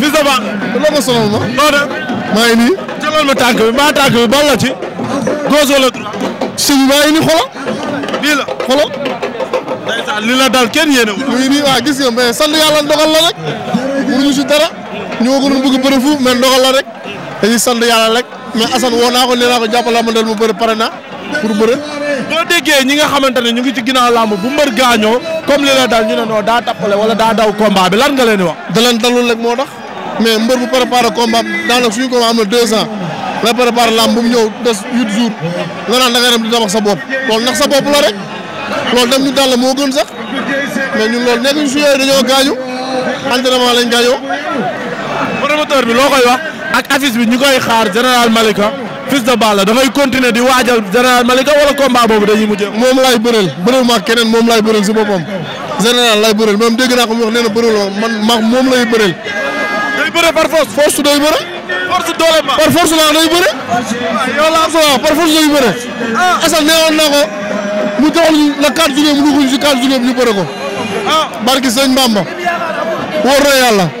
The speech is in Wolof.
fils de Balla. loolu la sonal ma. noo def. maa ngi nii. ma tànk bi maa tànk bi ban la ci. gauche wala droite. sëñ bi maa ngi nii xoolal. lii la xoolal. ndeysaan la dal kenn yéene mu ngi nii gis nga ma sant yàlla dogal la rek. mënuñu si dara. ñoo ko doon bëgg bëri fu mais dogal la rek. dañuy sant yàlla rek. mais Assane woo naa ko nee naa ko jàppalaa ma del mu bëri pare na pour bëre. boo déggee ñi nga xamante ne ñu ngi ci ginnaaw làmb bu mbër gaañoo comme li la dal ñu ne noo daa tappale wala daa daw combat lan nga leen wax. da leen dalul rek mais mbër bu préparé combat daanaka suñu combat am na deux ans nga préparé lamb bu mu ñëw des huit jours nga naan da nga dem di sa bopp loolu nax sa bopp la rek loolu dem ñu dal la moo gën sax mais ñun loolu nekk ñu su yooyu dañoo gaañu entraînement lañ gaañoo. bi loo koy wax ak affiche bi ñu koy xaar général Malika fils de Balla da ngay continuer di waajal général Malika wala combat boobu dañuy mujj. moom laay bëreel bëreel ma keneen moom laay bëreel si boppam général laay bëreel même dégg naa ko mu wax nee man ma moom lay bëreel. par force. force day bëre. force par force la day bëre. yow laa soxla par force ah. ko mu joxoon ñu la 4 juillet mu dugg si 4 juillet ñu bëre ko. ah barki Bamba wóor na yàlla.